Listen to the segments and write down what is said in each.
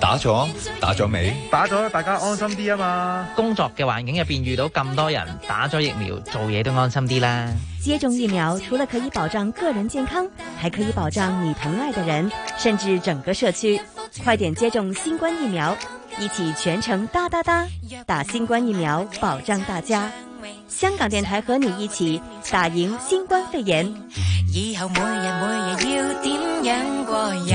打咗，打咗未？打咗，大家安心啲啊嘛！工作嘅環境入邊遇到咁多人打咗疫苗，做嘢都安心啲啦。接種疫苗除了可以保障個人健康，還可以保障你疼愛的人，甚至整個社區。快點接種新冠疫苗，一起全程噠噠噠打新冠疫苗，保障大家。香港電台和你一起打贏新冠肺炎。以後每日每日要點樣過遊？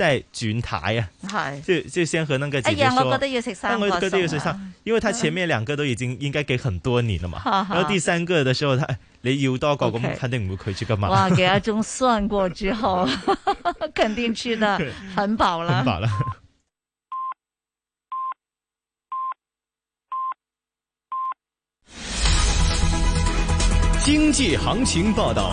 在轉台啊，係就就先和那個姐姐說，哎、我了但我覺得要食三，因為他前面兩個都已經應該給很多年了嘛、嗯，然後第三個的時候，他、嗯嗯哎、你要多過咁，okay。我們肯定唔會拒絕噶嘛。哇，畀阿中算過之後， 肯定吃的很飽了，很飽了 經濟行情報道。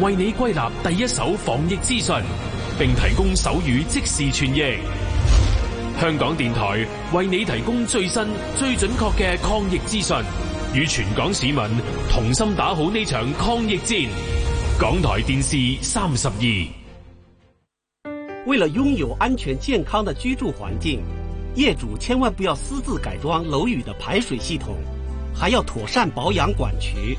為你歸納第一手防疫資訊，並提供手語即時傳譯。香港電台為你提供最新、最準確嘅抗疫資訊，與全港市民同心打好呢場抗疫戰。港台電視三十二。為了擁有安全健康的居住環境，業主千萬不要私自改裝樓宇的排水系統，還要妥善保養管渠。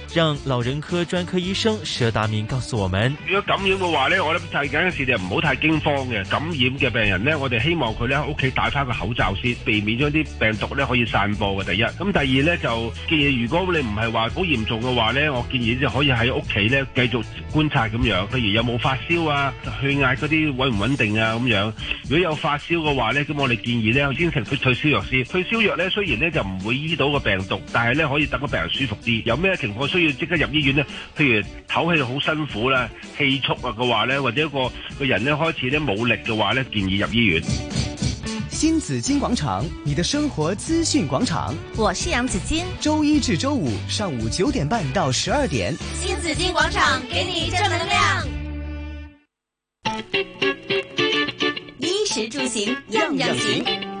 讓老人科專科醫生佘達明告訴我們：如果感染嘅話咧，我諗最緊嘅事就唔好太驚慌嘅。感染嘅病人咧，我哋希望佢咧喺屋企戴翻個口罩先，避免將啲病毒咧可以散播嘅。第一，咁第二咧就建議，如果你唔係話好嚴重嘅話咧，我建議就可以喺屋企咧繼續觀察咁樣，譬如有冇發燒啊、血壓嗰啲穩唔穩定啊咁樣。如果有發燒嘅話咧，咁我哋建議咧先食啲退燒藥先。退燒藥咧雖然咧就唔會醫到個病毒，但係咧可以等個病人舒服啲。有咩情況需要即刻入醫院呢？譬如唞氣好辛苦啦，氣促啊嘅話呢，或者一個個人咧開始咧冇力嘅話呢，建議入醫院。新紫荊廣場，你的生活資訊廣場，我是楊子矜。周一至周五上午九點半到十二點。新紫荊廣場，給你正能量。衣食住行，樣樣行。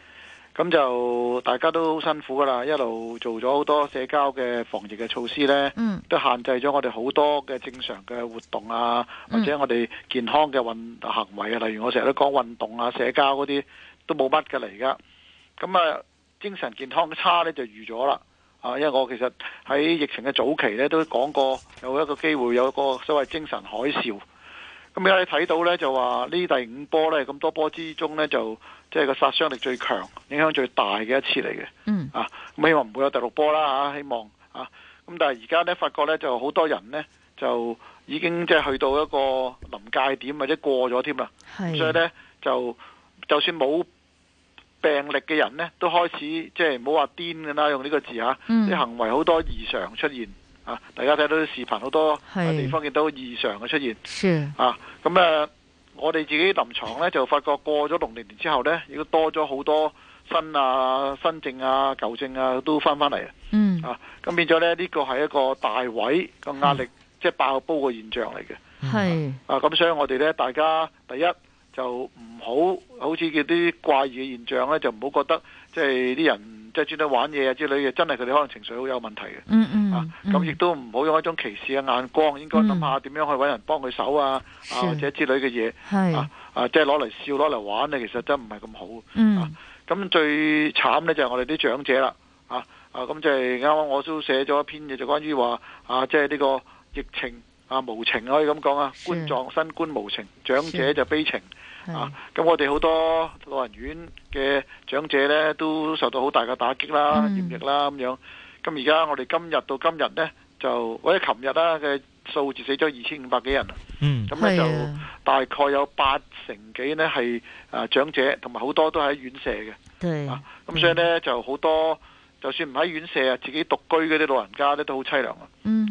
咁就大家都辛苦噶啦，一路做咗好多社交嘅防疫嘅措施呢，嗯、都限制咗我哋好多嘅正常嘅活動啊，或者我哋健康嘅運行為啊，例如我成日都講運動啊、社交嗰啲都冇乜嘅嚟㗎。咁啊，精神健康差呢就預咗啦啊，因為我其實喺疫情嘅早期呢都講過有一個機會有一個所謂精神海嘯，咁而家你睇到呢就話呢第五波呢咁多波之中呢就。即係個殺傷力最強、影響最大嘅一次嚟嘅。嗯，啊，希望唔會有第六波啦嚇，希望啊，咁但係而家呢，發覺呢，就好多人呢，就已經即係去到一個臨界點或者過咗添啦，所以呢，就就算冇病歷嘅人呢，都開始即係唔好話癲㗎啦，用呢個字吓，啲、啊嗯、行為好多異常出現，啊，大家睇到啲視頻，好多地方見到異常嘅出現，啊，咁啊。嗯。我哋自己臨床呢，就發覺過咗農曆年之後呢，亦都多咗好多新啊、新症啊、舊症啊，都翻返嚟，嗯。啊，咁變咗呢，呢個係一個大位個壓力，嗯、即係爆煲嘅現象嚟嘅。係。啊，咁、啊啊、所以我哋呢，大家第一就唔好，好似叫啲怪異嘅現象呢，就唔好覺得即係啲人，即係專登玩嘢啊，之類嘅，真係佢哋可能情緒好有問題嘅。嗯嗯啊，咁亦都唔好用一種歧視嘅眼光，嗯、應該諗下點樣去揾人幫佢手啊，啊，啊，啊或者之類嘅嘢。啊啊，即係攞嚟笑，攞嚟玩咧，其實真唔係咁好、嗯。啊，咁最慘呢、啊啊啊，就係我哋啲長者啦。啊啊，咁就係啱啱我都寫咗一篇嘢，就關於話啊，即係呢個疫情啊無情可以咁講啊，冠狀新冠無情，長者就悲情。啊！咁我哋好多老人院嘅長者咧，都受到好大嘅打擊啦、免、嗯、疫啦咁樣。咁而家我哋今日到今日咧，就或者琴日啦嘅數字死咗二千五百幾人啊。咁、嗯、咧、嗯、就大概有八成幾呢係啊長者，同埋好多都喺院舍嘅。啊，咁所以咧就好多，就算唔喺院舍啊，自己獨居嗰啲老人家咧都好淒涼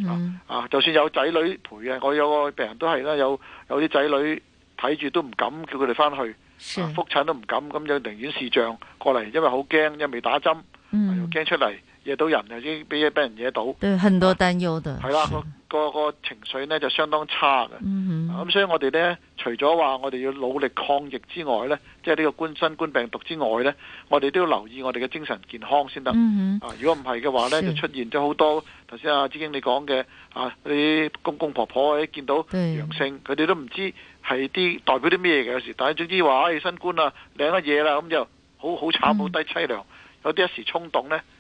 啊。啊，就算有仔女陪啊，我有個病人都係啦，有有啲仔女。睇住都唔敢叫佢哋翻去，復、啊、診都唔敢咁就寧願視像過嚟，因為好驚，因為未打針，嗯啊、又驚出嚟惹到人，又驚俾俾人惹到。對，很多擔憂的。係、啊、啦，啊那個、那個情緒呢就相當差嘅。咁、嗯啊、所以我哋呢，除咗話我哋要努力抗疫之外呢，即係呢個冠新冠病毒之外呢，我哋都要留意我哋嘅精神健康先得、嗯。啊，如果唔係嘅話呢，就出現咗好多頭先阿子矜你講嘅啊，啲公公婆婆一見到陽性，佢哋都唔知道。係啲代表啲咩嘅，有時，但係總之話啊、哎，新冠啊，領乜嘢啦，咁就好好慘，好低淒涼。有啲一時衝動咧。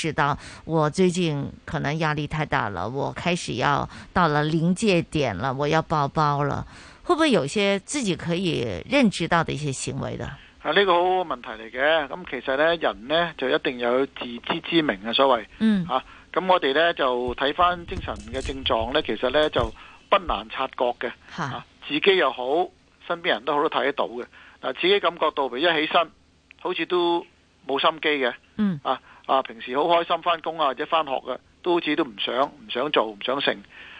知道我最近可能壓力太大了，我開始要到了臨界點了，我要爆煲了，會不會有些自己可以認知到的一些行為呢、啊這個、的、的？呢個好問題嚟嘅。咁其實呢，人呢就一定有自知之明嘅，所謂，嗯啊，咁我哋呢就睇返精神嘅症狀呢，其實呢就不難察覺嘅，吓、啊、自己又好，身邊人好都好多睇得到嘅，嗱，自己感覺到譬如一起身，好似都冇心機嘅，嗯啊。啊！平時好開心返工啊，或者返學嘅，都好似都唔想，唔想做，唔想成，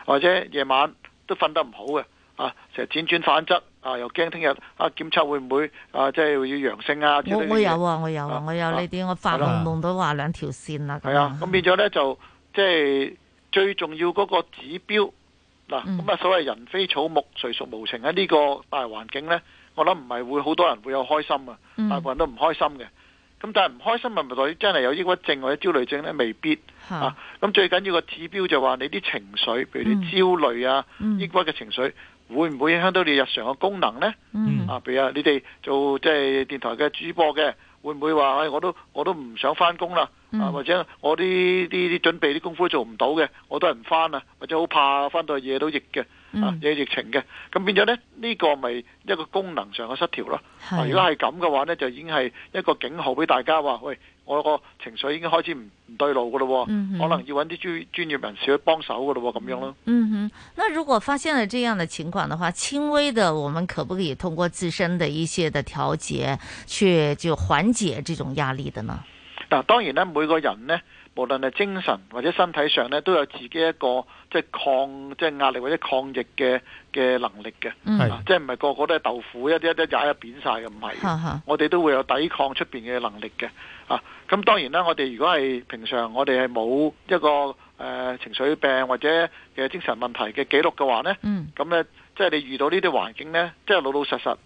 或者夜晚都瞓得唔好嘅，啊，成日輾轉反側，啊，又驚聽日啊檢測會唔會啊，即係會要陽性啊我！我有啊，我有啊，啊我有呢啲、啊，我發夢夢到話兩條線啦。係啊，咁、啊啊啊啊、變咗咧就即係、就是、最重要嗰個指標嗱，咁啊、嗯、所謂人非草木，誰屬無情啊？呢、這個大環境咧，我諗唔係會好多人會有開心啊，大部分人都唔開心嘅。嗯啊咁但係唔開心咪咪代表真係有抑鬱症或者焦慮症咧，未必咁、啊、最緊要個指標就話你啲情緒，譬如啲焦慮啊、嗯嗯、抑鬱嘅情緒，會唔會影響到你日常嘅功能咧、嗯？啊，譬如啊，你哋做即係電台嘅主播嘅，會唔會話、哎、我都我都唔想翻工啦，或者我啲啲啲準備啲功夫做唔到嘅，我都係唔翻啊，或者好怕翻到去惹到疫嘅。啊，有疫情嘅，咁變咗咧，呢、這個咪一個功能上嘅失調咯、啊。如果係咁嘅話呢，就已經係一個警號俾大家話，喂，我個情緒已經開始唔唔對路噶咯，可能要揾啲專專業人士去幫手噶咯，咁樣咯。嗯哼，那如果發現了這樣的情況的話，輕微的，我們可不可以通過自身的一些的調節，去就緩解這種壓力的呢？嗱、啊，當然呢，每個人呢。無論係精神或者身體上咧，都有自己一個即係抗即係壓力或者抗疫嘅嘅能力嘅，係即係唔係個個都係豆腐，一啲一啲踩一扁晒嘅，唔係， 我哋都會有抵抗出邊嘅能力嘅啊。咁當然啦，我哋如果係平常我哋係冇一個誒、呃、情緒病或者嘅精神問題嘅記錄嘅話咧，咁、嗯、咧即係你遇到呢啲環境咧，即係老老實實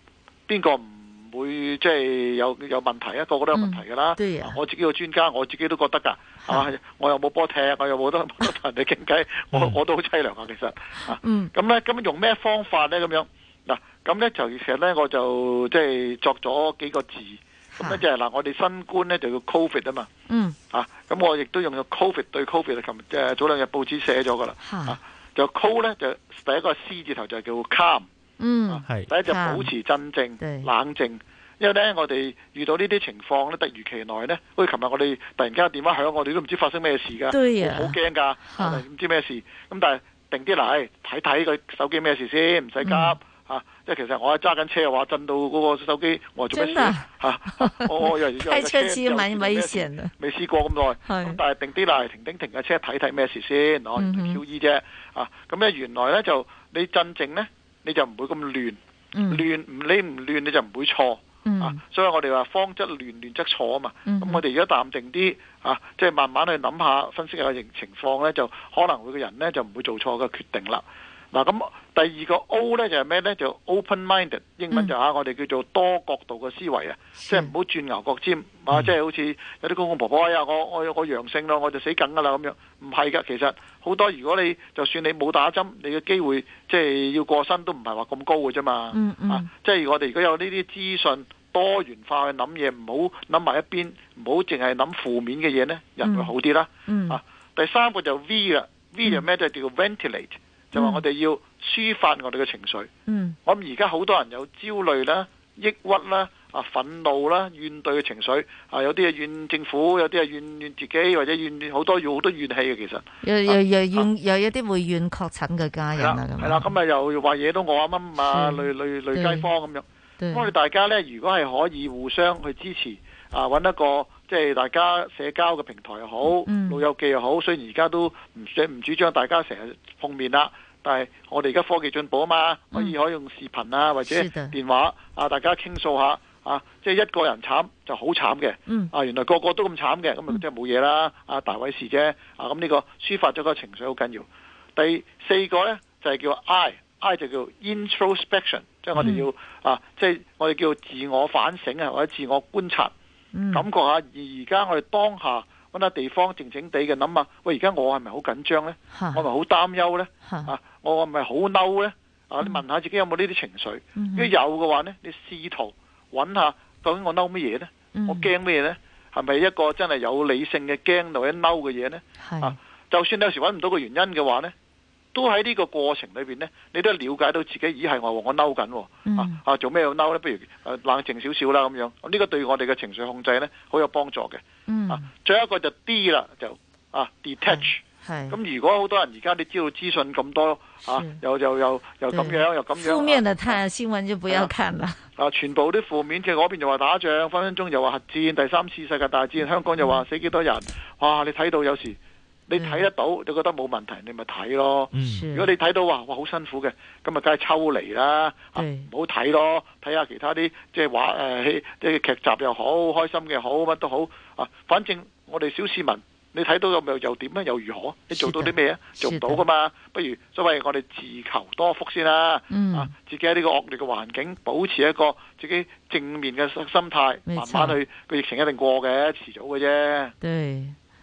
邊個唔？會即係、就是、有有問題啊。個個都有問題㗎啦、嗯啊。我自己個專家，我自己都覺得㗎。嚇、啊，我又冇波踢，我又冇得同人哋傾偈，我、嗯、我，我都好淒涼㗎、啊。其實嚇，咁、嗯、咧，咁、嗯、用咩方法咧？咁樣嗱，咁、啊、咧就其實咧，我就即係、就是、作咗幾個字。咁咧就係嗱，我哋新冠咧就叫 covid 啊嘛。嗯。咁、啊、我亦都用咗 covid 對 covid。琴日誒早兩日報紙寫咗㗎啦。就 covid 咧就第一個 C 字頭就叫 CALM 嗯，係第一就保持鎮靜冷靜，因為咧，我哋遇到呢啲情況咧，突如其來咧。好似琴日我哋突然間電話響，我哋都唔知發生咩事噶，好驚噶，唔、啊、知咩事咁，但係定啲嚟睇睇佢手機咩事先，唔使急嚇。即、嗯、係、啊、其實我係揸緊車，話震到嗰個手機，我話做咩事嚇？我我、啊啊哦、以為 又以為你車，車又咩事？未試過咁耐，但係定啲嚟停停停架車睇睇咩事先，攞 Q E 啫啊。咁咧原來咧就你鎮靜咧。你就唔會咁亂，嗯、亂唔你唔亂你就唔會錯、嗯、啊。所以我哋話方則亂亂則錯啊嘛。咁、嗯嗯、我哋而家淡定啲，啊，即、就、係、是、慢慢去諗下分析下個情況咧，就可能會個人咧就唔會做錯嘅決定啦。嗱咁，第二個 O 咧就係咩咧？就，是、就 open-minded，英文就嚇、啊嗯、我哋叫做多角度嘅思維啊，即係唔好轉牛角尖、嗯、啊！即、就、係、是、好似有啲公公婆婆哎呀，我我我陽性咯，我就死梗噶啦咁樣，唔係噶，其實好多如果你就算你冇打針，你嘅機會即係要過身都唔係話咁高嘅啫嘛，即、嗯、係、嗯啊就是、我哋如果有呢啲資訊多元化去諗嘢，唔好諗埋一邊，唔好淨係諗負面嘅嘢咧，人會好啲啦、嗯。啊，第三個就 V 啊、嗯、V 就咩？就叫 ventilate。就話我哋要抒發我哋嘅情緒，嗯，我諗而家好多人有焦慮啦、抑鬱啦、啊憤怒啦、怨懟嘅情緒，啊有啲係怨政府，有啲係怨怨自己，或者怨好多好多怨氣嘅其實，又又怨又、啊、一啲會怨確診嘅家人啦，係啦，咁啊又話惹到我啊乜乜累累累街坊咁樣，我哋大家咧如果係可以互相去支持，啊揾一個。即、就、係、是、大家社交嘅平台又好，老、嗯、友記又好，雖然而家都唔想唔主張大家成日碰面啦。但係我哋而家科技進步啊嘛，可、嗯、以可以用視頻啊，或者電話的啊，大家傾訴下啊。即、就、係、是、一個人慘就好慘嘅、嗯、啊，原來個個都咁慘嘅，咁啊真係冇嘢啦。啊，大圍事啫啊，咁呢個抒發咗個情緒好緊要。第四個呢，就係、是、叫 I，I、嗯、就叫 introspection，即係我哋要啊，即、就、係、是、我哋叫自我反省啊，或者自我觀察。嗯、感覺下而而家，我哋當下揾下地方靜靜地嘅諗下，喂，而家我係咪好緊張呢？我係咪好擔憂呢？啊，我係咪好嬲呢？啊、嗯，你問下自己有冇呢啲情緒、嗯？如果有嘅話呢，你試圖揾下究竟我嬲乜嘢呢？嗯、我驚乜嘢呢？係咪一個真係有理性嘅驚或者嬲嘅嘢呢？啊，就算你有時揾唔到個原因嘅話呢。都喺呢個過程裏邊呢，你都了解到自己咦，係我我嬲緊、嗯，啊啊做咩要嬲呢？不如，啊、冷靜少少啦咁樣，呢個對我哋嘅情緒控制呢，好有幫助嘅。嗯，啊，最後一個就 D 啦，就啊 detach 係。咁，嗯、如果好多人而家你知道資訊咁多，啊又又又又咁樣又咁樣，負面嘅太、啊、新聞就不要看了。啊，啊啊全部啲負面，即係嗰邊就話打仗，分分鐘又話核戰，第三次世界大戰，香港又話死幾多人？哇、嗯啊！你睇到有時。你睇得到，你覺得冇問題，你咪睇咯。如果你睇到話，哇好辛苦嘅，咁咪梗係抽離啦，唔好睇咯，睇下其他啲即係話誒戲，即係劇、呃、劇集又好，開心嘅好乜都好啊。反正我哋小市民，你睇到又又點咧？又如何？你做到啲咩啊？做唔到噶嘛？不如所謂我哋自求多福先啦、啊嗯。啊，自己喺呢個惡劣嘅環境，保持一個自己正面嘅心態，慢慢去個疫情一定過嘅，遲早嘅啫。對。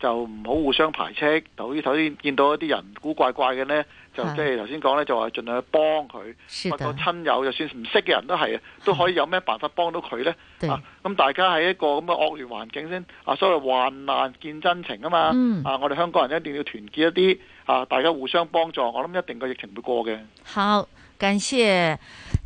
就唔好互相排斥，頭先頭先見到一啲人古怪怪嘅呢，啊、呢。就即係頭先講呢，就話盡量去幫佢，或者親友，就算唔識嘅人都係啊，都可以有咩辦法幫到佢呢？啊！咁大家喺一個咁嘅惡劣環境先啊，所謂患難見真情啊嘛，嗯！啊，我哋香港人一定要團結一啲啊，大家互相幫助，我諗一定個疫情會過嘅。好，感謝。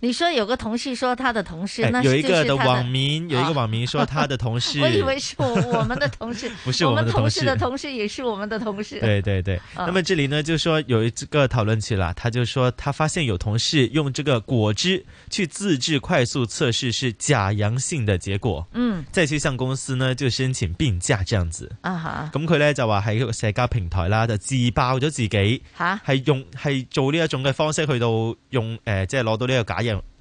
你說有個同事說他的同事，哎、那是的有一個的網民、哦、有一個網民說他的同事，我以為是我們 是我們的同事，不是我們的同事的同事也是我們的同事。對對對，哦、那麼這裡呢就說有一個討論區啦，他就說他發現有同事用這個果汁去自製快速測試是假陽性的結果，嗯，再去向公司呢就申請病假這樣子。啊哈，咁佢呢，就話喺個社交平台啦，就自爆咗自己，吓，係用係做呢一種嘅方式去到用誒，即係攞到呢個假陽。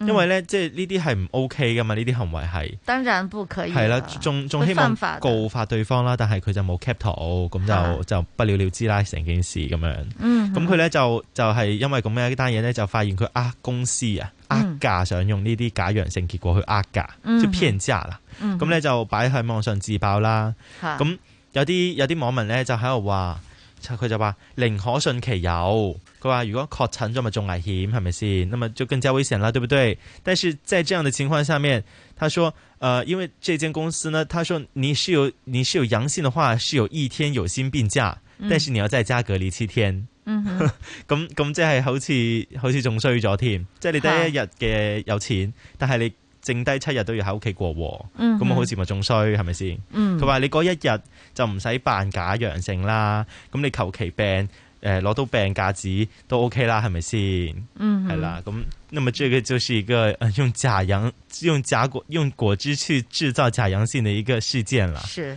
嗯、因為咧，即係呢啲係唔 O K 噶嘛，呢啲行為係、OK、當然不可以係啦，仲仲希望告發對方啦，但係佢就冇 cap 圖咁就、啊、就不了了之啦，成件事咁樣。嗯，咁佢咧就就係、是、因為咁樣一單嘢咧，就發現佢呃公司啊呃價，想用呢啲假陽性結果去呃價，即係騙人之牙啦。咁、嗯、咧、嗯、就擺喺網上自爆啦。咁、啊、有啲有啲網民咧就喺度話。佢就話寧可信其有，佢話如果確診咗咪仲危險係咪先？那麼就更加危險啦，對不對？但是在這樣的情況下面，他說，呃，因為這間公司呢，他說你是有你是有陽性的話，是有一天有薪病假，但是你要在家隔離七天。嗯，咁咁即係好似好似仲衰咗添，即係你得一日嘅有錢，但係你。剩低七日都要喺屋企過喎，咁、嗯、好似咪仲衰，係咪先？佢話、嗯、你嗰一日就唔使扮假陽性啦，咁你求其病誒攞、呃、到病假紙都 OK 啦，係咪先？係、嗯、啦，咁，那麼這個就是一個用假陽、用假果、用果汁去製造假陽性嘅一個事件啦。是。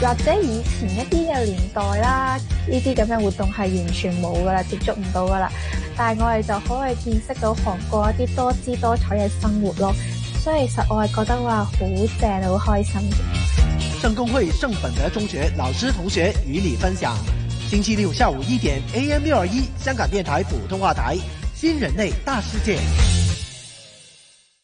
或者以前一啲嘅年代啦，呢啲咁嘅活動係完全冇噶啦，接觸唔到噶啦。但係我哋就可以見識到韓國一啲多姿多彩嘅生活咯。所以實我係覺得哇，好正，好開心嘅。聖公會聖本德中學老師同學與你分享，星期六下午一點，AM 六二一香港電台普通話台，新人類大世界。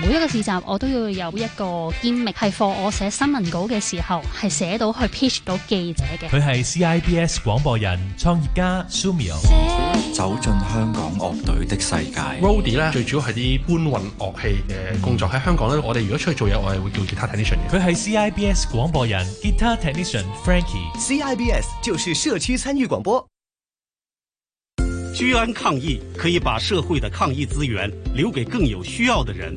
每一個市集我都要有一個 gimmick，係放我寫新聞稿嘅時候，係寫到去 pitch 到記者嘅。佢係 CIBS 廣播人，創業家 Sumio，走進香港樂隊的世界。Rody 咧，最主要係啲搬運樂器嘅工作喺、嗯、香港咧。我哋如果出去做嘢，我哋會叫 guitar technician 嘅。佢係 CIBS 廣播人，guitar technician Frankie。CIBS 就是社區參與廣播。居安抗疫，可以把社會的抗疫資源留給更有需要的人。